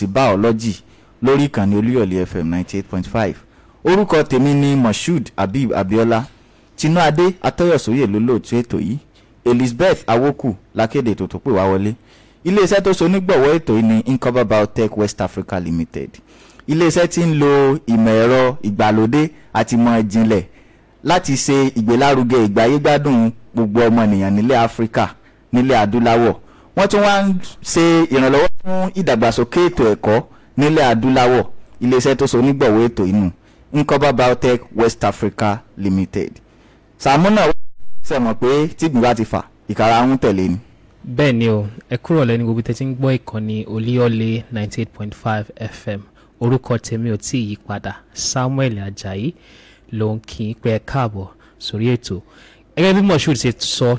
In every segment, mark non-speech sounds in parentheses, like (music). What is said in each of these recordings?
ti báọ́lọ́jì lórí ìkànnì olúyọ̀lé fm ninety eight point five orúkọ tèmi ni moshood habib abiola tinuade atọyọsóyè ló lóòtú ètò yìí elizabeth awoku lákéde ètò tó pè wá wọlé iléeṣẹ́ tó so onígbọ̀wọ́ ètò yìí ni incover biotech west africa limited iléeṣẹ́ tí ń lo ìmọ̀ ẹ̀rọ ìgbàlódé àti ìmọ̀ ìjìnlẹ̀ láti ṣe ìgbélárugẹ ìgbáyégbádùn gbogbo ọmọnìyàn nílẹ̀ áfíríkà nílẹ̀ adúláwọ̀ wọ́n tún wá ń ṣe ìrànlọ́wọ́ fún ìdàgbàsókè ètò ẹ̀kọ́ nílẹ̀ adúláwọ̀ iléeṣẹ́ tó so onígbọ̀wọ́ ètò inú nkọ́bá biotech west africa limited sàmúnà ó ṣe mọ̀ pé tígbìn bá ti fà ìkara ń tẹ̀lé ni. bẹ́ẹ̀ ni o ẹ kúrò lẹ́nu gbogbo tẹ́tí ń gbọ́ ìkànnì olíọ̀lẹ̀ ninety eight point five fm orúkọ tèmi ò tí ì yí padà samuel ajayi ló ń kí i pé ẹ káàbọ̀ sórí ètò gẹ́gẹ́ bí moshood ṣe sọ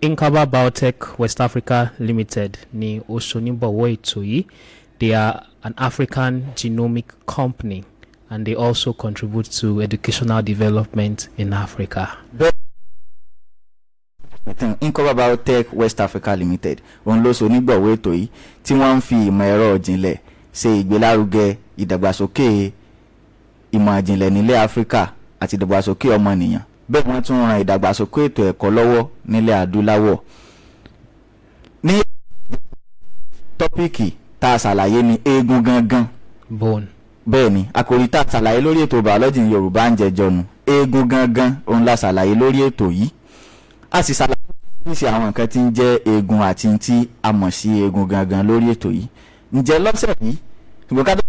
Inkaba Biotech West Africa Limited ni ó ṣoníbọ̀wọ́ ètò yìí. They are an African genomic company and they also contribute to educational development in Africa. Inkaba Biotech West Africa Limited òun ló ṣoníbọ̀wọ́ ètò yìí tí wọ́n ń fi ìmọ̀ ẹ̀rọ ìjìnlẹ̀ ṣe ìgbélárugẹ ìdàgbàsókè ìmọ̀ ìjìnlẹ̀ nílẹ̀ Áfíríkà àti ìdàgbàsókè ọmọnìyàn bẹ́ẹ̀ wọ́n tún ran ìdàgbàsókè ètò ẹ̀kọ́ lọ́wọ́ nílẹ̀ adúláwọ̀. ní tọ́píìkì tá a ṣàlàyé ni eegun gangan. bone. bẹ́ẹ̀ ni àkòrí tá a ṣàlàyé lórí ètò biology ní yorùbá ń jẹjọ nu eegun gangan òun la ṣàlàyé lórí ètò yìí a sì ṣàlàyé oríṣiríṣi àwọn nǹkan tí ń jẹ́ eegun àti tí a mọ̀ sí eegun gangan lórí ètò yìí ǹjẹ́ lọ́sẹ̀ yìí ṣùgbọ́n ká tó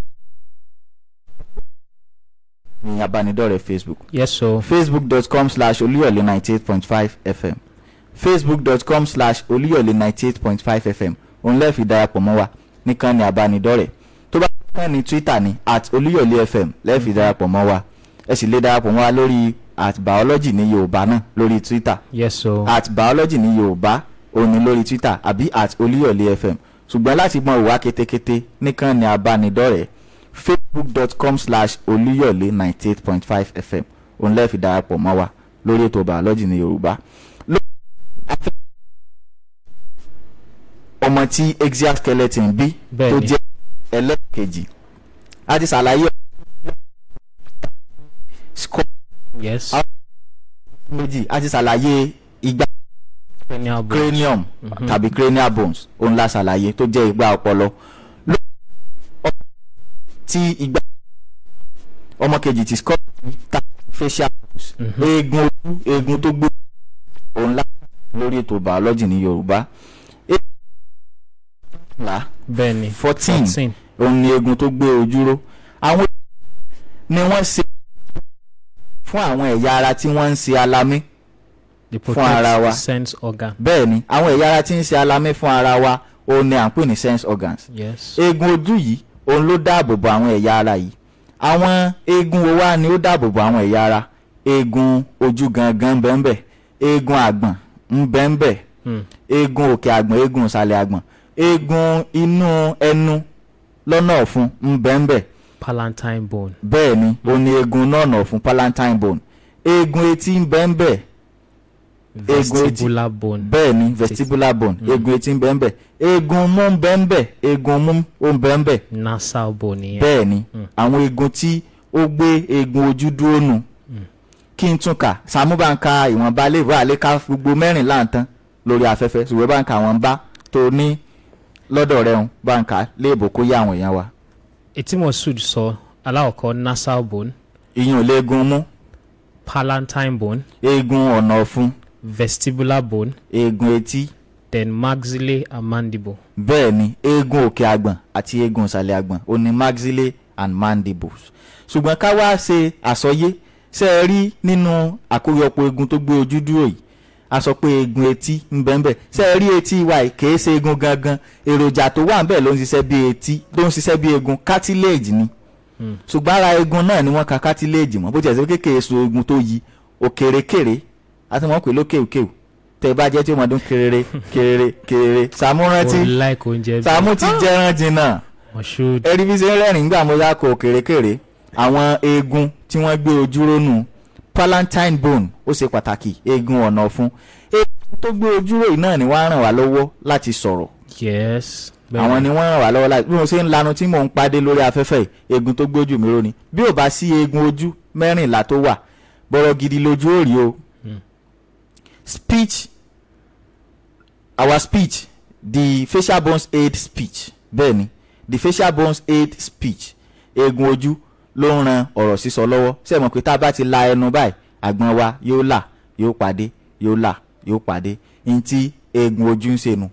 ní abánidọ́rẹ̀ẹ́ facebook. yes so. facebook.com slash olúyọ̀lé ninety eight point five fm facebook.com slash olúyọ̀lé ninety eight point five fm òun lẹ́ẹ̀fi darapọ̀ mọ́ wa nìkan ní abánidọ́rẹ̀ẹ́ tó bá kàn ní twitter ni at olúyọ̀lé fm lẹ́ẹ̀fi mm-hmm. darapọ̀ mọ́ wa ẹ sì lè darapọ̀ mọ́ wa lórí at biology ní yorùbá náà lórí twitter. yes so. at biology ní yorùbá òní lórí twitter àbí at olúyọ̀lé fm ṣùgbọ́n láti mọ ìwà ketekete nìkan ní abánidọ́rẹ̀ẹ́ facebook.com slash oluyole ninety eight point five fm òun lẹ́ẹ̀fi darapọ̀ mọ́ wa lórí ètò bàọ́lọ́jì ní yorùbá. ọmọ tí axial skeleton bí tó jẹ́ ẹlẹ́ẹ̀kejì a ṣàlàyé yes méjì a ti ṣàlàyé igba cranium mm-hmm. tàbí cranial bones òun la ṣàlàyé tó jẹ́ igba ọpọlọ ti ìgbà ọmọ kejì ti scott ta facial mhm. eegun ojú eegun tó gbó òun lá lórí ètò biology ní yorùbá là bẹ́ẹ̀ni fourteen òun ni eegun tó gbé ojú ró àwọn ni wọ́n ṣe fún àwọn ẹ̀yà ara tí wọ́n ń ṣe alamí fún ara wa bẹ́ẹ̀ni àwọn ẹ̀yà ara tí ń ṣe alamí fún ara wa òun ni à ń pè ní sense organs yes. eegun ojú yìí òun ló dáàbò bo àwọn ẹ̀yà ara yìí àwọn eegun wo wá ni ó dáàbò bo àwọn ẹ̀yà ara eegun ojú gangan ń bẹ ń bẹ eegun àgbọ̀n egun bẹ ń egun hmm. eegun òkè àgbọ̀n eegun ìsàlẹ̀ àgbọ̀n eegun inú ẹnu lọ́nà ọ̀fun ń bone ni ó ní eegun náà nà ọ̀fun palatine bone eegun etí ń eegun etí bẹ́ẹ̀ ni vestibular bone eegun mm-hmm. etí ń bẹ ń bẹ eegun mú ń bẹ ń bẹ eegun mú ó ń bẹ ń bẹ. nasal bone yẹn bẹ́ẹ̀ ni mm. àwọn eegun tí ó gbé eegun ojú dúró nù mm. kí n tún kà sàmúbàǹkà ìwọ̀nba léèwé àlékà gbogbo mẹ́rìnlá nǹkan lórí afẹ́fẹ́ ṣùgbọ́n bàǹkà àwọn bá tó ní lọ́dọ̀ rẹ̀ ń bàǹkà léèbò kó yá àwọn èèyàn wa. etí mosud sọ aláwọ̀kọ́ nasal bone. ìyẹn ò mú. palatine bone. eegun ọ̀nà ọ̀fun vestibular bone. eegun etí. then maxillae and mandible. bẹ́ẹ̀ni eegun òkè àgbọ̀n àti eegun ìsàlẹ̀ àgbọ̀n ó ní maxillae and mandibles. ṣùgbọ́n ká wá ṣe àsọyé ṣe é rí nínú àkójọpọ̀ eegun tó gbé ojú dúró yìí a sọ pé eegun etí ń bẹ ń bẹ ṣe é rí etí wa yìí kìí ṣe eegun gangan èròjà tó wà ń bẹ ló ń ṣiṣẹ́ bí etí ló ń ṣiṣẹ́ bí eegun cartilage ni hmm. ṣùgbọ́n ara eegun náà ni wọ́n ka cartilage mọ́ bó tiẹ̀ sẹ́ kékeré so eegun tó yí òkèrèkèrè àti wọn pè ló kéwkéw tẹ bá jẹ tí ó mọ dún kerere kerere kerere Sàámú rántí Sàámú ti jẹran jìnnà ẹrí bí ṣe ń rẹ́rìn nígbà mo yá kó kèrèkèrè àwọn eegun tí wọ́n gbé ojú rónú palatine bone ó ṣe pàtàkì eegun ọ̀nà ọ̀fun eegun tó gbé ojú ròyì náà ni wọ́n ràn wá lọ́wọ́ láti sọ̀rọ̀ yes àwọn ni wọ́n ràn wá lọ́wọ́ láti bí mo ṣe ń lanu tí mò ń padé lórí afẹ́fẹ́ eegun tó gbójú mi ró ni bí ò bá sí eegun ojú mẹ́rìnlá tó wà bọ̀rọ̀ gidi lójú òrì o speech our speech the facial bones aid speech bẹ́ẹ̀ the facial bones aid speech eegun ojú ló ń ran ọ̀rọ̀ sísọ lọ́wọ́ ṣé ẹ mọ̀ pé tá a bá ti la ẹnu báyìí àgbọ̀n wa yóò là yóò pàdé yóò là yóò pàdé ní ti eegun ń ṣe nu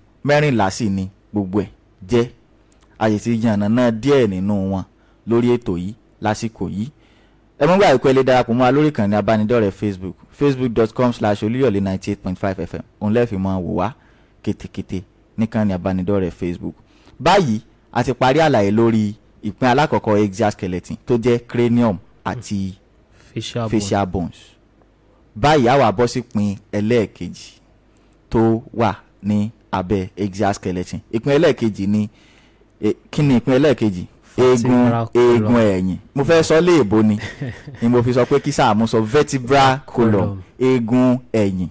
sì ni gbogbo ẹ̀ jẹ́ a sì ti yànnà náà díẹ̀ nínú wọn lórí ètò yìí lásìkò yìí ẹ mọ́ gbà ìpele darapọ̀ mọ́ wa lórí ìkànnì abánidọ́rẹ̀ẹ́ facebook facebook.com slash olúyọ̀lé ninety eight point five fm òun lẹ́ẹ̀fì mọ́ wò wá kétékété níkànnì abánidọ́rẹ̀ẹ́ facebook báyìí a ti parí àlàyé lórí ìpín alákọ̀ọ́kọ́ axial tó jẹ́ cranium àti facial, bones báyìí a wá bọ́ sí ìpín ẹlẹ́ẹ̀kejì tó wà ní abẹ́ axial ìpín ẹlẹ́ẹ̀kejì ni eh, kí ni ìpín ẹlẹ́ẹ̀kejì Egun egun ẹ̀yìn mo fẹ́ sọ léèbó ni (laughs) ni mo fi sọ pé kí Sàámú sọ vertebral column egun ẹ̀yìn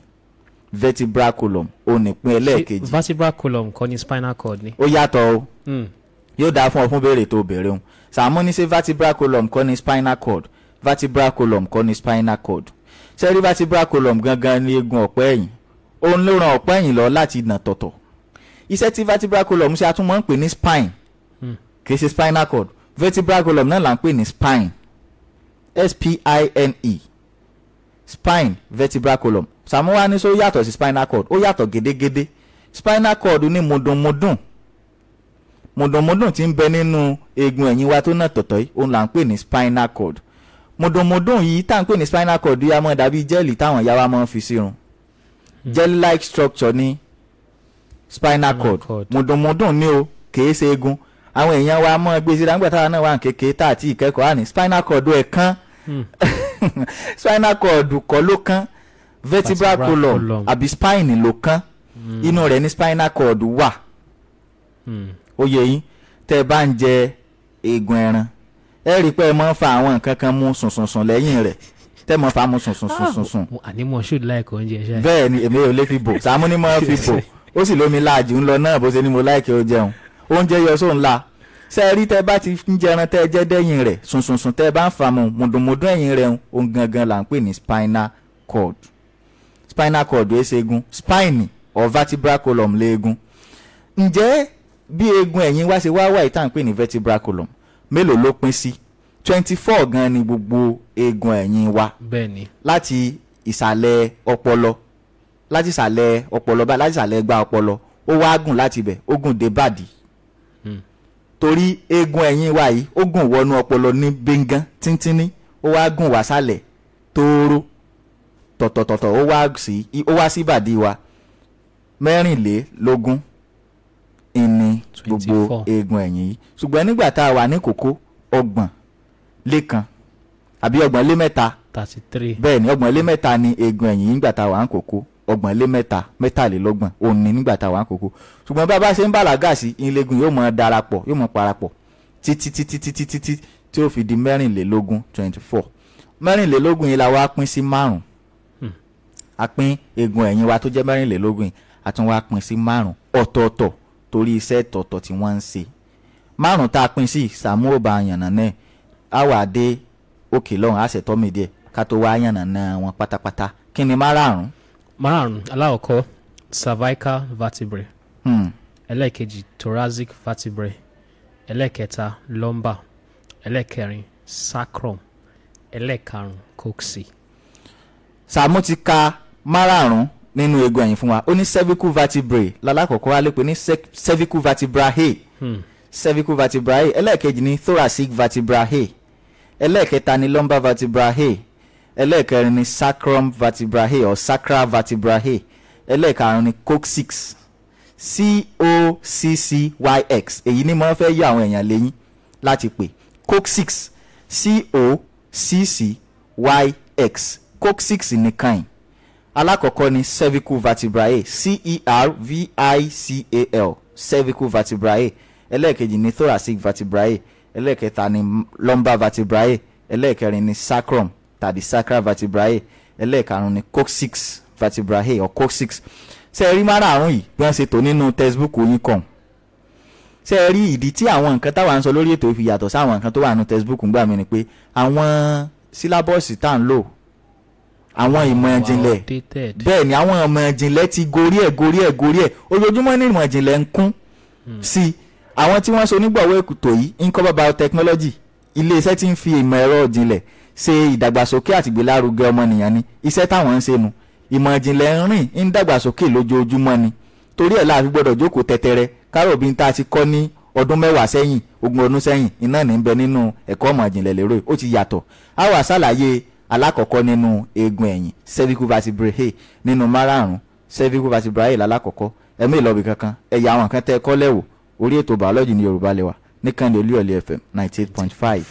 vertebral column ó nípín vertebral column kọ́ ni spinal cord ni. ó yàtọ̀ o hmm. yóò dáa fún ọ fún béèrè tó béèrè òun Sàámú ní ṣé vertebral column kọ́ ni spinal cord vertebral column kọ́ ni spinal cord ṣẹ́rí vertebral column gangan ni eegun ọ̀pẹ́ ẹ̀yìn òun ló ran ọ̀pẹ́ ẹ̀yìn lọ láti nà tọ̀tọ̀ iṣẹ́ tí vertebral column ṣe a tún máa ń pè ní spine. Mm kì í ṣe spinal cord vertebral column náà là ń pè ní spine s-p-i-n-e spine vertebral column samuwa ní sọ yàtọ̀ sí spinal cord ó yàtọ̀ gédégédé spinal cord ní mùdùnmùdùn mùdùnmùdùn tí ń bẹ nínú eegun ẹ̀yìn wa tó náà tọ̀tọ̀ yìí òun là ń pè ní spinal cord mùdùnmùdùn yìí tá à ń pè ní spinal cord yìí a máa dàbí jẹ́ẹ̀lì táwọn ìyá wa máa ń fi sírun jelly hmm. like structure ní spinal cord mùdùnmùdùn ní o kìí ṣe eegun àwọn èèyàn wa mọ́ gbèsè dáńgbà táwa náà wà ní tá àti ìkẹ́kọ̀ọ́ àní spinal cord ẹ̀ kán hmm. (laughs) spinal cord kọ́ ló kán vertebral column àbí spine ló kán hmm. inú rẹ̀ ní spinal cord wà hmm. ó yẹ yín tẹ́ ẹ bá ń jẹ eegun ẹran ẹ rí i pé ẹ máa ń fa àwọn nǹkan kan mú sùnsùnsùn lẹ́yìn rẹ̀ tẹ́ mọ̀ fàámu sùn ah. sùn sùn sùn ṣùd láìkọ oúnjẹ ṣáà. bẹ́ẹ̀ ni èmi ò lè fi bò sàmú fi bò (laughs) ó sì lómi láàjì ń náà bó ṣe ni mo láìkẹ ó jẹun oúnjẹ yọ sóun la ṣe rí tẹ bá ti ń jẹran tẹ jẹ dẹyìn rẹ sùnsùnsùn tẹ bá ń fa mu mùdùnmùdùn rẹ òun gangan là ń pè ní spinal cord spinal cord ẹ ṣeegun spine or vertebral column léegun ǹjẹ́ bí eegun ẹ̀yìn wá ṣe wá wà ìtàn pè ní vertebral column mélòó ló pín sí twenty four gan ni gbogbo eegun ẹ̀yìn wa bẹ́ẹ̀ni láti ìsàlẹ̀ ọpọlọ láti ìsàlẹ̀ ọpọlọ báyìí láti ìsàlẹ̀ ẹgbà ọpọlọ ó wá gùn láti ibẹ̀ ó gùn dé bàdí torí eegun ẹ̀yìn wa yìí ó gùn wọnú ọpọlọ ní bíngán tíntínní ó wá gùn wá sálẹ̀ tóóró tọ̀tọ̀tọ̀tọ̀ ó wá sí ó wá sí ìbàdí wa mẹ́rìnlélógún ìní gbogbo eegun ẹ̀yìn yìí ṣùgbọ́n nígbà tá a wà ní kókó ọgbọ̀n lẹ́kan àbí ọgbọ̀n lé mẹ́ta bẹ́ẹ̀ ni ọgbọ̀n lé mẹ́ta ni eegun ẹ̀yìn yìí nígbà tá a wà ní kókó ọgbọ̀n lé mẹ́ta mẹ́tàlélọ́gbọ̀n òní nígbà tá a wà ń kókó ṣùgbọ́n bá a bá ṣe ń bàlágà sí ilégun yóò mọ darapọ̀ yóò mọ parapọ̀ títí títí títí títí tí ó fi di mẹ́rìnlélógún twenty four mẹ́rìnlélógún yìí la wá pín sí márùn hmm. a pín eegun ẹ̀yìn wa tó jẹ́ mẹ́rìnlélógún yìí a tún wá pín sí márùn ọ̀tọ̀ọ̀tọ̀ torí iṣẹ́ tọ̀tọ̀ tí wọ́n ń ṣe márùn tá a pín sí Sàámú bá yànnà náà márùn-ún cervical vertebrae hmm. ẹlẹ́ẹ̀kejì thoracic vertebrae ẹlẹ́ẹ̀kẹta lumbar ẹlẹ́ẹ̀kẹrin sacrum ẹlẹ́ẹ̀karùn-ún coccyx. Sàámú ti ka márààrún nínú eegun ẹ̀yìn fún wa ó ní cervical vertebrae lálákọ̀ọ́kọ́ á lè ní cervical vertebrae hmm. cervical vertebrae ẹlẹ́ẹ̀kejì ní thoracic vertebrae ẹlẹ́ẹ̀kẹta ní lumbar vertebrae ẹlẹ́ẹ̀kẹrin ni sacrum vertebrae or sacra vertebrae ẹlẹ́ẹ̀karùn ni coccyx c-o-c-c-y-x èyí ni mo fẹ́ yọ àwọn èèyàn lẹ́yìn láti pè coccyx c-o-c-c-y-x coccyx nìkan yìí alákọ̀ọ́kọ́ ni cervical vertebrae c-e-r-v-i-c-a-l cervical vertebrae ẹlẹ́ẹ̀kejì ni thoracic vertebrae ẹlẹ́ẹ̀kẹta ni lumbar vertebrae ẹlẹ́ẹ̀kẹrin ni sacrum tàbí sacral vertebrae ẹlẹ́ẹ̀karùn ni coccyx vertebrae or coccyx ṣe rí márààrún yìí bí wọ́n ṣe tò nínú textbook yín kàn ṣe rí ìdí tí àwọn nǹkan táwa ń sọ lórí ètò ìfi yàtọ̀ sáwọn nǹkan tó wà nínú textbook ń gbà mí ni pé àwọn sílábọ̀sì tá à ń lò àwọn ìmọ̀ ìjìnlẹ̀ bẹ́ẹ̀ ni àwọn ìmọ̀ ìjìnlẹ̀ ti gorí ẹ̀ gorí ẹ̀ gorí ẹ̀ ojoojúmọ́ ní ìmọ̀ ìjìnlẹ̀ ń kún hmm. sí i àwọn tí wọ́n so onígbọ̀wọ́ èkútò yìí ń kọ́ bá biotechnology ilé iṣẹ́ tí ń fi ìmọ̀ ẹ̀rọ ìjìnlẹ̀ ṣe ìdàgbàsókè àti ìgbélárugẹ ọmọnìyàn ni iṣẹ́ táwọn ń ṣe nu ìmọ̀ ìjìnlẹ̀ ń rìn ń dàgbàsókè lójoojúmọ́ ni torí ẹ̀ láàfin gbọ́dọ̀ jókòó tẹ́tẹ́rẹ́ káròbí tá a ti kọ́ ní ọdún mẹ́wàá sẹ́yìn ogún ọdún sẹ́yìn iná ní bẹ nínú ẹ̀kọ́ ọmọ ìjìnlẹ̀ lérò ó ti yàtọ̀ a wá ṣàlàyé alákọ̀ọ́kọ́ nínú eegun ẹ̀yìn cervical vertebrae nínú márààrún cervical vertebrae lálákọ̀ọ́kọ́ ẹ̀mí ìlọ́bì kankan ẹ̀yà àwọn kan tẹ́ ẹ kọ́ lẹ́wọ̀ orí ètò biology ní Yorùbá lẹ́wà níkànnì Olúyọ̀lé FM ninety eight point five.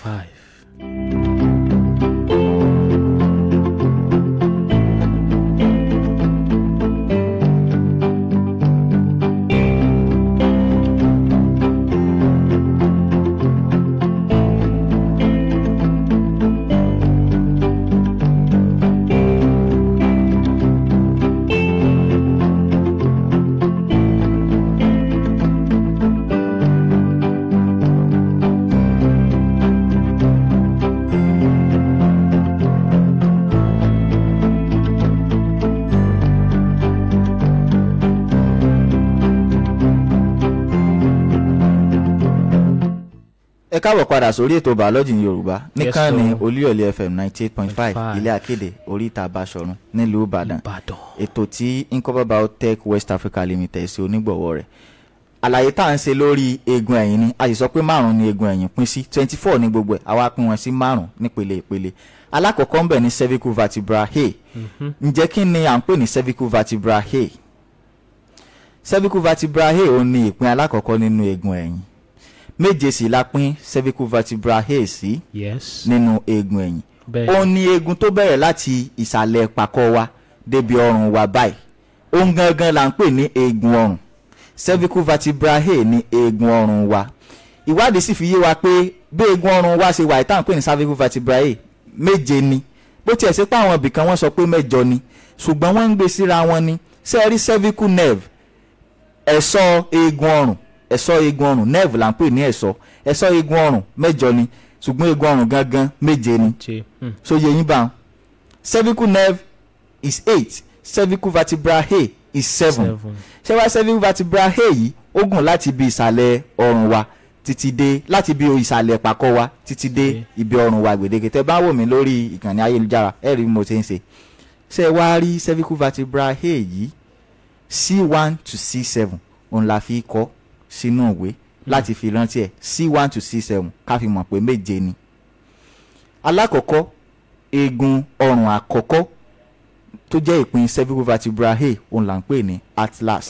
káàbọ̀ padà sórí ètò bàọ́lọ́jì yorùbá nìkan ni olúyọ̀lé fm ninety eight point five ilé akéde oríta basọ̀run nílùú ìbàdàn ètò tí nkọ́bá biotech west africa limited ṣe onígbọ̀wọ́ rẹ̀ àlàyé tá à ń ṣe lórí eegun ẹ̀yìn ni a sì sọ pé márùn-ún ni eegun ẹ̀yìn pín sí twenty four ní gbogbo ẹ̀ àwa pín wọn sí márùn-ún nípele ìpele alákọ̀ọ́kọ́ ń bẹ̀ ní cervical vertebra hay mm-hmm. ǹjẹ́ kí ni à ń pè ní cervical vertebra hay cervical vertebra hay òun ni ìpín alákọ̀ọ́kọ́ nínú eegun ẹ̀yìn méje sì la pín cervical vertebrae sí nínú eegun ẹ̀yìn ó ní eegun tó bẹ̀rẹ̀ láti ìsàlẹ̀ pàkọ́ wa débi ọrùn wa báyìí ohun gangan là ń pè ní eegun ọrùn cervical vertebrae ní eegun ọrùn wa ìwádìí sì fi yé wa pé bí eegun ọrùn wa ṣe wà ìtàn pè ní cervical vertebrae méje ni bó tiẹ̀ ṣe pé àwọn ibìkan wọ́n sọ pé mẹ́jọ ni ṣùgbọ́n wọ́n ń gbé síra wọn ni ṣe é rí cervical nerve ẹ̀ṣọ́ eegun ọrùn ẹ̀ṣọ́ eegun ọrùn nerve là ń pè ní ẹ̀ṣọ́ ẹ̀ṣọ́ eegun ọrùn mẹ́jọ ni ṣùgbọ́n eegun ọrùn gangan méje ni hmm. so yẹ yín bá wọn cervical nerve is eight cervical vertebra a is seven ṣé wá cervical vertebra a yìí ó gùn láti ibi ìsàlẹ̀ ọrùn wa títí dé láti ibi ìsàlẹ̀ pàkọ́ wa títí dé ibi ọrùn wa gbèdéke tẹ bá wò mí lórí ìkànnì ayélujára ẹ rí mo ṣe ń ṣe ṣe wá rí cervical vertebra a yìí c one to c seven òun la fi kọ́ sínú ìwé láti fi rántí ẹ̀ c one to c seven ká fi mọ̀ pé méje ni. alákọ̀ọ́kọ́ eegun ọrùn àkọ́kọ́ tó jẹ́ ìpín cervical vertebrae òun là ń pè ní atlas.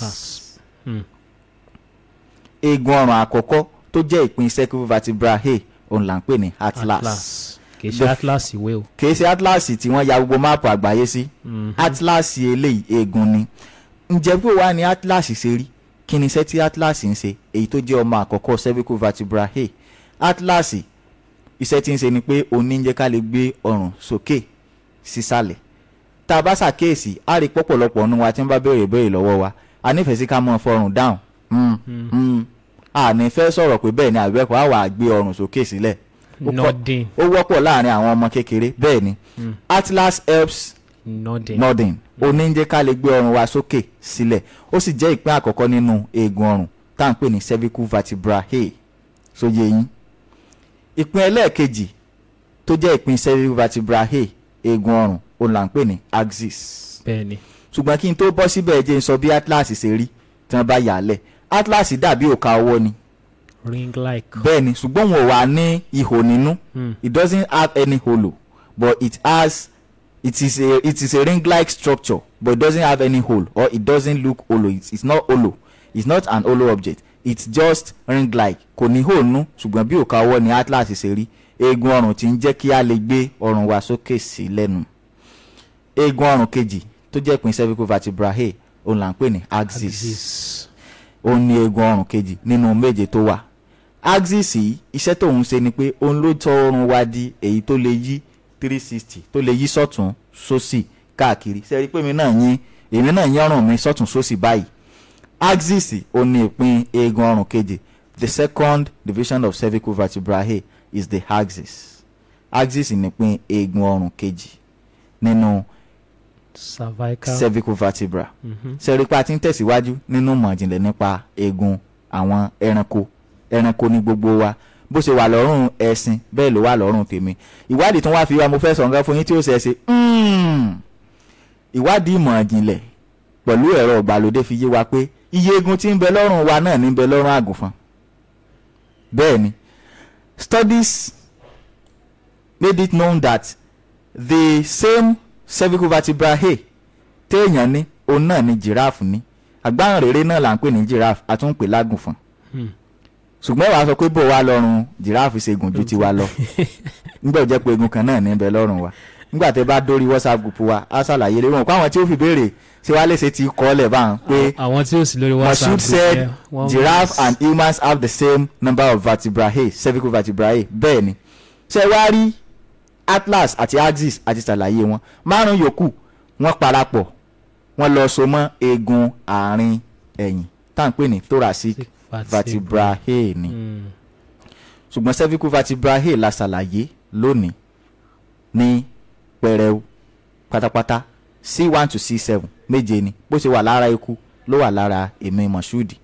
Hmm. eegun ọrùn àkọ́kọ́ tó jẹ́ ìpín cervical vertebrae òun là ń pè ní atlas. atlas kì í ṣe atlas ìwé o. kì atlas tí wọ́n ya gbogbo máàpù àgbáyé sí. Hmm. atlas eléyìí eegun ni. ǹjẹ́ bó wá ní atlas ṣe rí? kí ni iṣẹ́ tí atlas ń ṣe èyí tó jẹ́ ọmọ àkọ́kọ́ cervical vertebra a atlas iṣẹ́ tí ń ṣe ni pé òun ní jẹ́ ká lè gbé ọrùn sókè sísàlẹ̀ tá a bá ṣàkíyèsí a rí pọ̀pọ̀lọpọ̀ ọ̀nù wa tí ń bá béèrè béèrè lọ́wọ́ wa a nífẹ̀ẹ́ sí ká mọ̀ fọrùn down àní hmm, hmm. fẹ́ sọ̀rọ̀ pé bẹ́ẹ̀ ni àbẹ́kọ̀ á wà á gbé ọrùn sókè sílẹ̀ ó wọ́pọ̀ láàrin àwọn ọmọ kékeré bẹ́ẹ̀ ni hmm. atlas helps nodding nodding ó ní jẹ́ ká lè gbé ọrùn wa sókè sílẹ̀ ó sì jẹ́ ìpín àkọ́kọ́ nínú eegun ọrùn tá à pè ní cervical vertebrae sóye yín ìpín ẹlẹ́ẹ̀kejì tó jẹ́ ìpín cervical vertebrae eegun ọrùn òun là ń pè ní axis bẹ́ẹ̀ni ṣùgbọ́n kí n tó bọ́ síbẹ̀ jẹ́ n sọ bí atlas ṣe rí tí wọ́n bá yà á lẹ̀ atlas dàbí òka ọwọ́ ni ring like bẹ́ẹ̀ni ṣùgbọ́n wọn ò wá ní ihò nínú hmm. it doesn't have any hollow but it has it is a it is a ring like structure but it doesn't have any hole or it doesn't look hollow it's, it's not hollow it's not an hollow object it's just ring like kò ní hole nú ṣùgbọ́n bí òkà ọwọ́ ni atlas ṣe rí eegun ọrùn tí ń jẹ́ kí a lè gbé ọrùn wa sókè sí lẹ́nu eegun ọrùn kejì tó jẹ́ ìpín cervical vertebrae òun là ń pè ní axis òun ni eegun ọrùn kejì nínú méje tó wà axis yìí iṣẹ́ tóun ṣe ni pé òun ló tọ ọrùn wa di èyí tó lè yí three sixty tó lè yí sọ́tún sósì káàkiri ṣe rí i pé mi náà yín èmi náà yín ọrùn mi sọ́tún sósì báyìí axis ò ní ìpín eegun ọrùn kejì the second division of cervical vertebrae is the axis axis nípín eegun ọrùn kejì nínú cervical vertebra mm-hmm. ṣẹ̀rípa tí ń tẹ̀síwájú nínú mọ̀jìnlẹ̀ nípa eegun àwọn ẹranko ẹranko ní gbogbo wa bó ṣe wà lọ́rùn ẹ̀sìn bẹ́ẹ̀ ló wà lọ́rùn tèmi ìwádìí tí wọ́n fi wá mo fẹ́ sọ̀ǹgá fún yín tí ó ṣe ṣe hmm. ìwádìí ìmọ̀ ìjìnlẹ̀ pẹ̀lú ẹ̀rọ ìgbàlódé fi yé wa pé iye egun tí ń bẹ lọ́rùn wa náà ní bẹ lọ́rùn àgùnfọn bẹ́ẹ̀ ni studies made it known that the same cervical vertebrae téèyàn ní òun náà ni giraffe ní àgbáhàn rere náà là ń pè ní giraffe àtúnpè lágùnfọn. Hmm ṣùgbọ́n wàá sọ pé bò wá lọ́rùn jìráàfù ṣègùn ju tiwa lọ (laughs) nígbà jẹ́ pé egun kan náà níbẹ̀ lọ́rùn wa nígbà tó bá dórí whatsapp group wa á ṣàlàyé lórí wọn pé àwọn tí ó fi béèrè ṣé wàá lè ṣe ti kọ́ lẹ̀ bá wọn pé àwọn said giraffe and humans have the same number of vertebrae cervical vertebrae bẹ́ẹ̀ ni ṣé wàá rí atlas àti axis àti ṣàlàyé wọn márùn yòókù wọ́n parapọ̀ wọ́n lọ so mọ́ eegun àárín ẹ̀yìn tá à ń pè ní thoracic Vatibrahe ni hmm. ṣùgbọ́n cervical vatibrahe la ṣàlàyé lónìí ní pẹrẹu pátápátá c one to c seven méje ni bó ṣe wà lára eku ló wà lára èmi mọ̀ṣúdì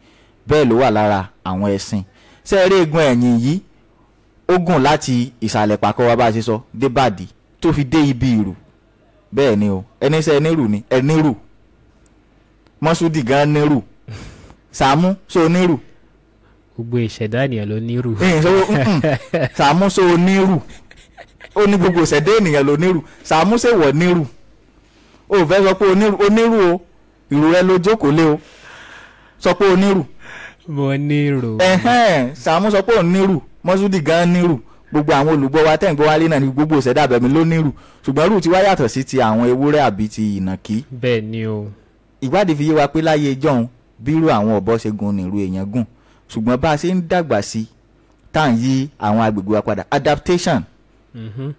bẹ́ẹ̀ ló wà lára àwọn ẹṣin ṣe eré egun ẹ̀yìn yìí ó gùn láti ìsàlẹ̀ pàkọ́ wa bá a ṣe sọ dé tó fi dé ibi ìrù bẹ́ẹ̀ ni o ẹni sẹ́ ẹni rù ni ẹni rù mọ́ṣúdì gan ni rù sàmú ṣó ní rù gbogbo ìṣẹ̀dá ènìyàn ló nírù. Eh, mm, mm. sàmúso onírù ó ní gbogbo ìṣẹ̀dá ènìyàn ló nírù sàmúso ìwọ̀ nírù o ò fẹ́ sọ pé onírù o ìrù rẹ ló jókòó lé o sọ pé onírù. mo nírù. sàmú sọ pé onírù mọ́súdì gan nírù gbogbo àwọn olùgbọ́ wa tẹ̀gbọ́ wálé náà ni gbogbo ìṣẹ̀dá abẹ̀mí ló nírù ṣùgbọ́n rù tiwa yàtọ̀ sí ti àwọn ewúrẹ́ àbí ti ìnàkí. bẹ́ẹ̀ ni o. ìwádìí fi yé wa pé láyé ìjọ́un bírú àwọn ọ̀bọ ṣe gun nírú èèyàn gùn ṣùgbọ́n bá a ṣe ń dàgbà sí tá à ń yí àwọn agbègbè wa padà adaptation mm-hmm.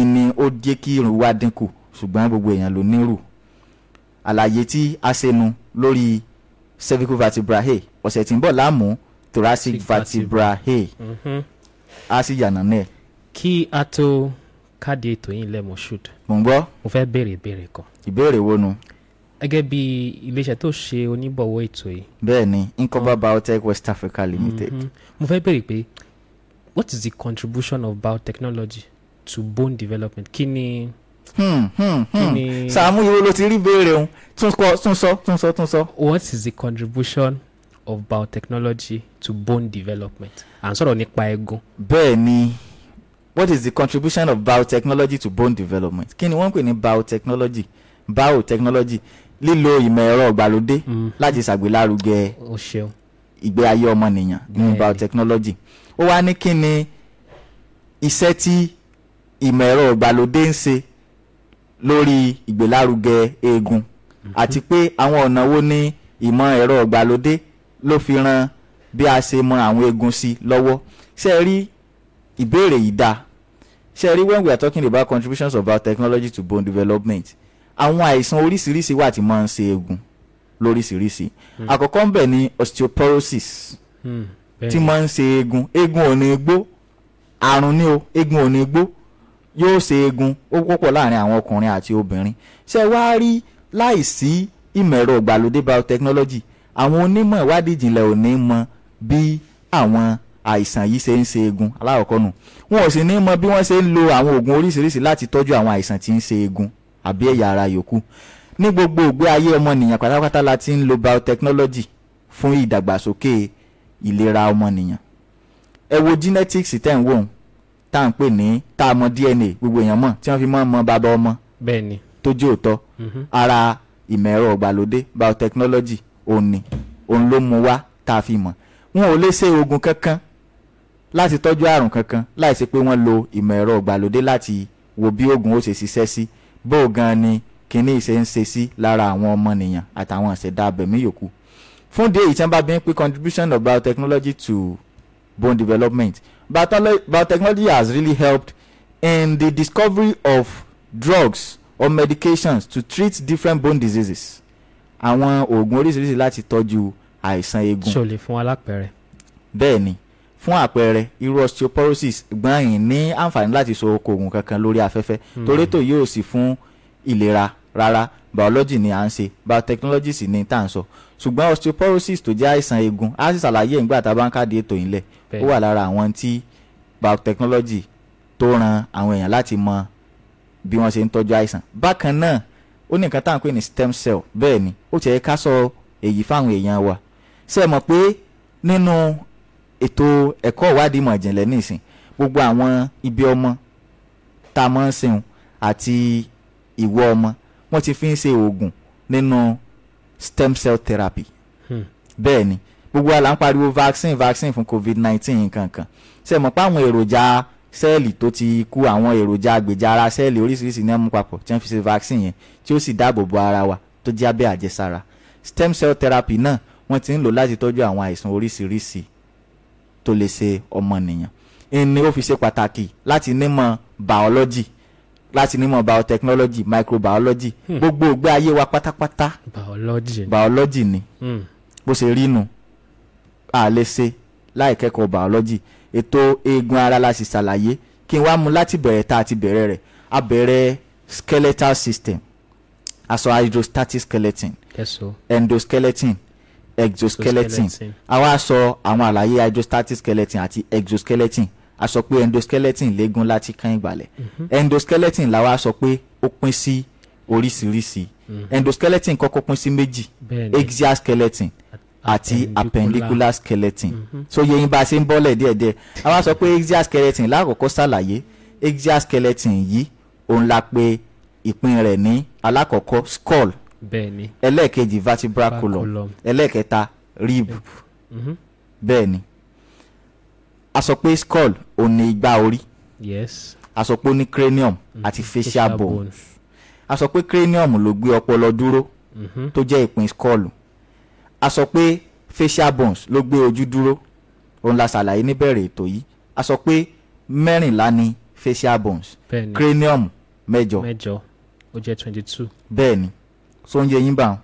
ìní ó jẹ́ kí irun wa dínkù ṣùgbọ́n gbogbo èèyàn ló nírù àlàyé tí a ṣe nu lórí cervical vertebrae ọ̀sẹ̀ tí ń bọ̀ láàmú thoracic vertebrae mm-hmm. a sì yànnà náà. kí a tó káàdì ètò yìí lẹ́mọ̀ọ́ṣùd. mo ń gbọ́. mo fẹ́ béèrè ìbéèrè kan. ìbéèrè wo nu. No? gẹ́gẹ́ bí iléeṣẹ́ tó ṣe oníbọ̀wọ́ ètò yìí. bẹ́ẹ̀ni Incoba Biotech West Africa Limited. Mm-hmm. mo fẹ́ béèrè pé what is the contribution of biotechnology to bone development kí ni. Hmm, hmm, hmm. Sàámú ìwo ló ti rí béèrè òun tún sọ tún sọ tún sọ. what is the contribution of biotechnology to bone development à ń sọ̀rọ̀ nípa eegun. bẹ́ẹ̀ni what is the contribution of biotechnology to bone development kí ni wọ́n ń pè ní biotechnology biotechnology lílo ìmọ̀ ẹ̀rọ ìgbàlódé mm. láti ṣàgbélárugẹ ìgbé ayé ọmọnìyàn ní biotechnology ó wá ní kí ni iṣẹ́ tí ìmọ̀ ẹ̀rọ ìgbàlódé ń ṣe lórí ìgbélárugẹ eegun mm-hmm. àti pé àwọn ọ̀nà wo ni ìmọ̀ ẹ̀rọ ìgbàlódé ló fi ran bí a ṣe mọ àwọn eegun sí lọ́wọ́ ṣe é rí ìbéèrè yìí dáa ṣe é rí when we are talking about contributions of biotechnology to bone development àwọn àìsàn oríṣiríṣi wà tí máa ń ṣe eegun lóríṣiríṣi hmm. àkọ́kọ́ ń bẹ̀ ni osteoporosis hmm, tí máa ń ṣe eegun eegun ò ní gbó àrùn ni o eegun ò ní gbó yóò ṣe eegun ó pọ̀pọ̀ láàrin àwọn ọkùnrin àti obìnrin ṣé wàá rí láìsí ìmọ̀ ẹ̀rọ ìgbàlódé biotechnology àwọn onímọ̀ ìwádìí ìjìnlẹ̀ ò ní mọ bí àwọn àìsàn yìí ṣe ń ṣe eegun aláwọ̀kọ́nù wọn ò sì ní mọ bí wọ́n ṣe ń lo àwọn oògùn oríṣiríṣi láti tọ́jú àwọn àìsàn tí ń ṣe eegun àbí ẹ̀yà ara yòókù ní gbogbo ògbé ayé ọmọnìyàn pátápátá la ti ń lo biotechnology fún ìdàgbàsókè ìlera ọmọnìyàn ẹ wo genetics tẹ̀ ń wò ó tá à ń pè ní tá a mọ DNA gbogbo èèyàn mọ̀ tí wọ́n fi mọ́ mọ bàbá ọmọ bẹ́ẹ̀ni tó jẹ́ òótọ́ mhm. ara ìmọ̀ ẹ̀rọ ọ̀gbàlódé biotechnology òun ni òun ló mú wá tá a fi mọ̀ wọn ò lè ṣe oògùn kankan láti tọ́jú àrùn kankan láìsí pé wọ́n lo ìmọ̀ ẹ̀rọ ọ̀gbàlódé láti wo bí oògùn ó ṣe ṣiṣẹ́ sí. Si bó gan ni kíní ìṣe ń ṣe sí lára àwọn ọmọnìyàn àtàwọn ìṣẹ̀dá yòókù fún díẹ̀ yìí bá bí ń pín contribution of biotechnology to bone development biotechnology has really helped in the discovery of drugs or medications to treat different bone diseases àwọn oògùn oríṣiríṣi láti tọ́jú àìsàn eegun. ṣòlè fún alápẹ̀rẹ̀. bẹ́ẹ̀ ni fún àpẹẹrẹ irú osteoporosis gbọ́n ní àǹfààní láti so okòògùn kankan lórí afẹ́fẹ́ hmm. torí tó yóò sì fún ìlera rárá biology ni à ń ṣe biotechnology sì ni tá à ń sọ ṣùgbọ́n osteoporosis tó jẹ́ àìsàn eegun á sì ṣàlàyé ìgbà tá a bá ń káàdì ètò yìí lẹ̀ ó wà lára àwọn tí biotechnology tó ran àwọn èèyàn láti mọ bí wọ́n ṣe ń tọ́jú àìsàn bákan náà ó ní nǹkan tá à ń pè ní stem cell bẹ́ẹ̀ ni ó tiẹ̀ ká sọ èyí fáwọn èèyàn wa ṣe mọ̀ pé nínú ètò ẹ̀kọ́ ìwádìí ìmọ̀ ìjìnlẹ̀ nìsín gbogbo àwọn ibi ọmọ tá a mọ̀ ń sẹ́wọ̀n àti ìwọ ọmọ wọ́n ti fi ń ṣe oògùn nínú stem cell therapy hmm. bẹ́ẹ̀ ni gbogbo àlà ń pariwo vaccine vaccine fún covid nineteen nǹkan kan ṣe mọ̀ pé àwọn èròjà sẹ́ẹ̀lì tó ti kú àwọn èròjà agbèjà ara sẹ́ẹ̀lì oríṣiríṣi ní ẹ̀mú papọ̀ tí wọ́n fi ṣe vaccine yẹn tí ó sì dáàbò bo ara wa tó jẹ́ àjẹsára stem cell therapy náà wọ́n ti ń lò láti tọ́jú àwọn àìsàn oríṣiríṣi tó lè ṣe ọmọnìyàn ìní ó fi ṣe pàtàkì láti nímọ̀ biology láti nímọ̀ biotechnology microbiology hmm. gbogbo ògbé ayé wa pátápátá biology biology ni hmm. bó ṣe rí nu a lè ṣe láì kẹ́kọ̀ọ́ biology ètò eegun ara la sì ṣàlàyé kí n wá mú láti bẹ̀rẹ̀ tá a ti bẹ̀rẹ̀ rẹ̀ a bẹ̀rẹ̀ skeletal system aso hydrostatic skeleton yes, endoskeleton exoskeleton a wá sọ àwọn àlàyé hydrostatic skeleton àti exoskeleton a sọ pé endoskeleton léegun láti kan ìgbàlẹ̀ mhm. endoskeleton la wá sọ pé ó pín sí oríṣiríṣi mhm. endoskeleton kọ́kọ́ pín sí méjì axial skeleton àti appendicular skeleton mhm. so yẹyin bá a ṣe ń bọ́lẹ̀ díẹ̀díẹ̀ a wá sọ pé axial skeleton lákòókò ṣàlàyé axial skeleton yìí òun la pè ìpín rẹ̀ ní alákọ̀ọ́kọ́ skull bẹ́ẹ̀ni ẹlẹ́ẹ̀kejì vertebral column ẹlẹ́ẹ̀kẹta rib mm-hmm. bẹ́ẹ̀ni a sọ pé skull ò ní igbá orí yes a sọ pé ó ní cranium mm-hmm. àti facial bones a sọ pé cranium ló gbé ọpọlọ dúró mm-hmm. tó jẹ́ ìpín skull a sọ pé facial bones ló gbé ojú dúró òun la ṣàlàyé níbẹ̀rẹ̀ ètò yìí a sọ pé mẹ́rìnlá ni facial bones cranium mẹ́jọ mẹ́jọ ó jẹ́ twenty two bẹ́ẹ̀ni so oúnjẹ yín bá wọn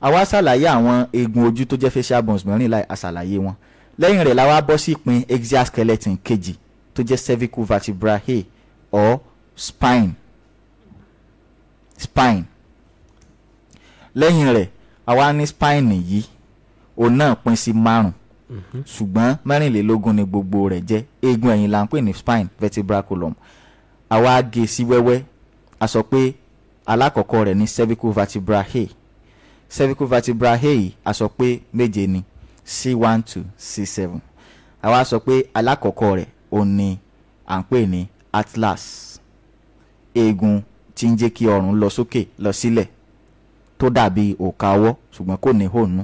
àwa ṣàlàyé àwọn eegun ojú tó jẹ́ facial bones mẹ́rìnlá àṣàlàyé wọn lẹ́yìn rẹ̀ la wá bọ́ sí ìpín axial skeleton kejì tó jẹ́ cervical vertebrae or spine spine lẹ́yìn rẹ̀ àwa ní spine yìí òun náà pín sí márùn mm-hmm. ṣùgbọ́n mẹ́rìnlélógún ni gbogbo rẹ̀ jẹ́ eegun ẹ̀yìn là ń pè ní spine vertebral column àwa ge sí wẹ́wẹ́ a sọ pé alákọ̀ọ́kọ́ rẹ̀ ní cervical vertebra a cervical vertebra a yìí a sọ pé méje ni c one two c seven àwa sọ pé alákọ̀ọ́kọ́ rẹ̀ òun ni à ń pè ní atlas eegun tí ń jẹ́ kí ọrùn lọ sókè lọ sílẹ̀ tó dàbí òkà ọwọ́ ṣùgbọ́n kò ní hònú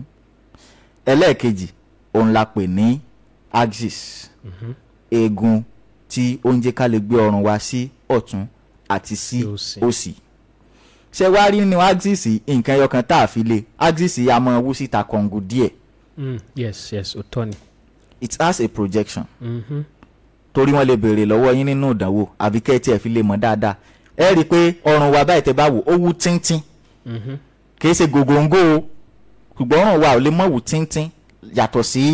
ẹlẹ́ẹ̀kejì òun la pè ní axis mhm. eegun tí ó ń jẹ́ ká lè gbé ọrùn wa sí ọ̀tún àti sí òsì. Si ṣe wá rí nínú axis nǹkan ẹyọ tá a fi lé axis a máa wú síta kọ̀ǹgù díẹ̀. Mm, yes yes òótọ́ ni. it has a projection. Mm-hmm. torí wọ́n lè béèrè lọ́wọ́ yín nínú ìdánwò àbí kẹ́ ẹ tiẹ̀ fi lè mọ̀ dáadáa ẹ rí i pé ọrùn wa báyìí tẹ́ bá wò ó wú tíntín mm-hmm. kìí ṣe gògóńgò o ṣùgbọ́n ọrùn wa ò lè mọ̀ wú tíntín yàtọ̀ sí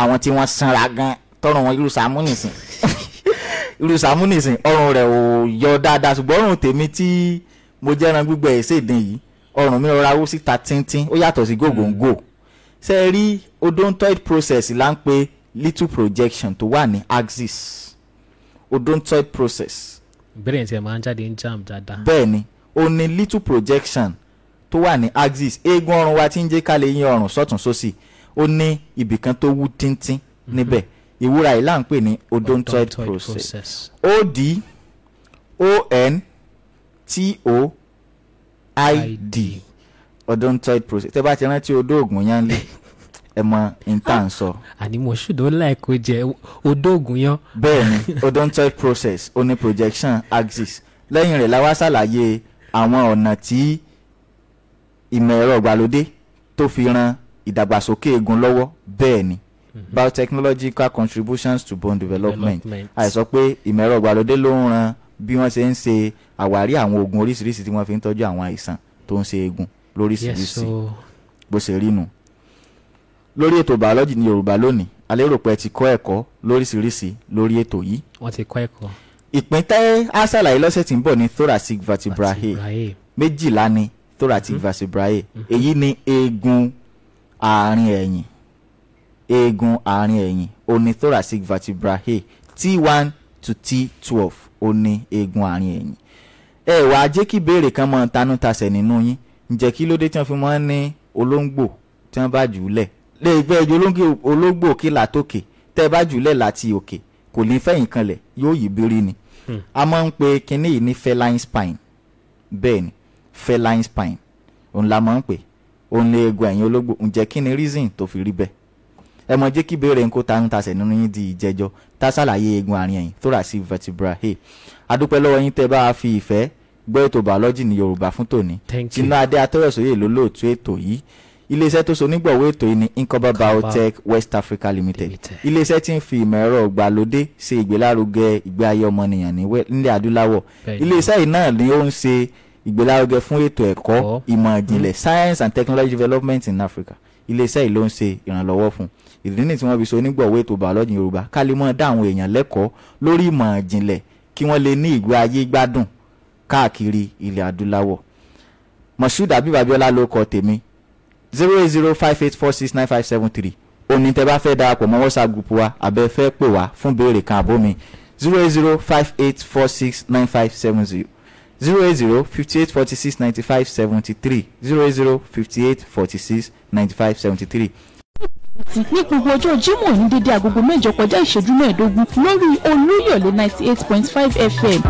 àwọn tí wọ́n sanra gan tọrùn wọn irú sàmú (laughs) irú sàmú ọrùn rẹ̀ ò yọ dáadáa ṣùgbọ́n ọrùn tèmi tí. Tí mo jẹ́ran gbígbẹ èsè ìdín yìí ọrùn mi rọra wó síta tíntín ó yàtọ̀ sí gògóńgò mm. ṣe é rí odontoid process là ń pè little projection tó wà ní axis odontoid process. bẹ́ẹ̀ ni ẹ máa ń jáde ń jam dáadáa. bẹ́ẹ̀ o ní little projection tó wà ní axis eegun ọrùn wa ti ń jẹ́ ká lè yín ọrùn sọ́tún sósì ó ní ibìkan tó wú tíntín mm-hmm. níbẹ̀ ìwúra yìí là ń pè ní odontoid process. o d o n t-o-i-d odontoid process tẹ́ bá ti rántí odó ògùn yẹn lé ẹ mọ nta n sọ. àní mo ṣùdọ́ láìkó jẹ odóògùn yan. bẹ́ẹ̀ni odontoid process oní projection axis lẹ́yìn rẹ̀ la wá ṣàlàyé àwọn ọ̀nà tí ìmọ̀ ẹ̀rọ ìgbàlódé tó fi ran ìdàgbàsókè eegun lọ́wọ́ bẹ́ẹ̀ni mhm. biotechnological contributions to bone development àìsọ pé ìmọ̀ ẹ̀rọ ìgbàlódé ló ń ran bí wọ́n ṣe ń ṣe àwárí àwọn oògùn oríṣiríṣi tí wọ́n fi ń tọ́jú àwọn àìsàn tó ń ṣe eegun lóríṣiríṣi bó ṣe rí nu. lórí ètò bàọ́lọ́jì ní Yorùbá lónìí alérò pé ti kọ́ ẹ̀kọ́ lóríṣiríṣi lórí ètò yìí. wọ́n ti kọ́ ẹ̀kọ́. ìpín tẹ́ á lọ́sẹ̀ tí ń bọ̀ ní thoracic vertebrae méjìlá ni thoracic mm-hmm. vertebrae mm-hmm. èyí ni eegun àárín ẹ̀yìn eegun àárín ẹ̀yìn òní thoracic vertebrae t one to T12 ó ní eegun àárín ẹ̀yìn ẹ wàá jẹ́ kí ìbéèrè kan máa tanútasẹ̀ nínú yín ǹjẹ́ kí ló dé tí wọ́n fi máa ń ní olóńgbò tí wọ́n bá jù ú lẹ̀ lè gbé ẹjọ́ olóńgbò kí látòkè tẹ́ ẹ bá jù ú lẹ̀ láti òkè kò ní fẹ̀yìn kanlẹ̀ yóò yí bírí ni hmm. a máa ń pe kinní yìí ní feline spine bẹ́ẹ̀ ni feline spine òun la máa ń pè òun lè egun ẹ̀yìn olóńgbò ǹjẹ́ kí ni reason tó fi rí bẹ́ẹ̀ ẹ mọ jẹ́ kí béèrè ń kó ta ń tasẹ̀ nínú yín di ìjẹ́jọ́ tá a ṣàlàyé àárín ẹ̀yìn thoracic vertebra hey adúpẹ́ lọ́wọ́ yín tẹ́ bá a fi ìfẹ́ gbọ́ ètò bàọ́lọ́jì ní yorùbá fún tòní tinú adé atọ́yọ̀sóyè ló lóòtú ètò yìí iléeṣẹ́ tó so nígbọ̀wọ́ ètò yìí ni incoba biotech west africa limited iléeṣẹ́ tí ń fi ìmọ̀ ẹ̀rọ ìgbàlódé ṣe ìgbélárugẹ ìgbé ayé ọmọnìyàn nílẹ̀ adúláwọ̀ iléeṣẹ́ yìí náà ni ó ń ṣe ìgbélárugẹ fún ètò ẹ̀kọ́ ìmọ̀ ìjìnlẹ̀ mm-hmm. science and technology development in africa iléeṣẹ́ yìí ló ń ṣe ìrànlọ́wọ́ fún un ìdí nìyí tí wọ́n fi so onígbọ̀wọ́ ètò bàọ́lọ́jì yorùbá ká lè mọ́ dá àwọn èèyàn lẹ́kọ̀ọ́ lórí ìmọ̀ ìjìnlẹ̀ kí wọ́n lè ní ìgbé ayé gbádùn káàkiri ilẹ̀ adúláwọ̀ moshood abib abiola ló kọ tèmi zero eight zero five eight four six nine five seven three òní tẹ́ bá fẹ́ darapọ̀ mọ́ whatsapp group wa àbẹ́ fẹ́ pè wá fún béèrè kan àbómi zero eight zero five eight four six nine five seven zero zero eight zero fifty eight forty six ninety five seventy three zero eight zero fifty eight forty six ninety five seventy three èkìtì ní gbogbo ọjọ́ jímọ̀ ní dédé agogo mẹ́jọ kọjá ìṣẹ́jú mẹ́ẹ̀ẹ́dógún lórí olúyọ̀lé ninety eight point five fm.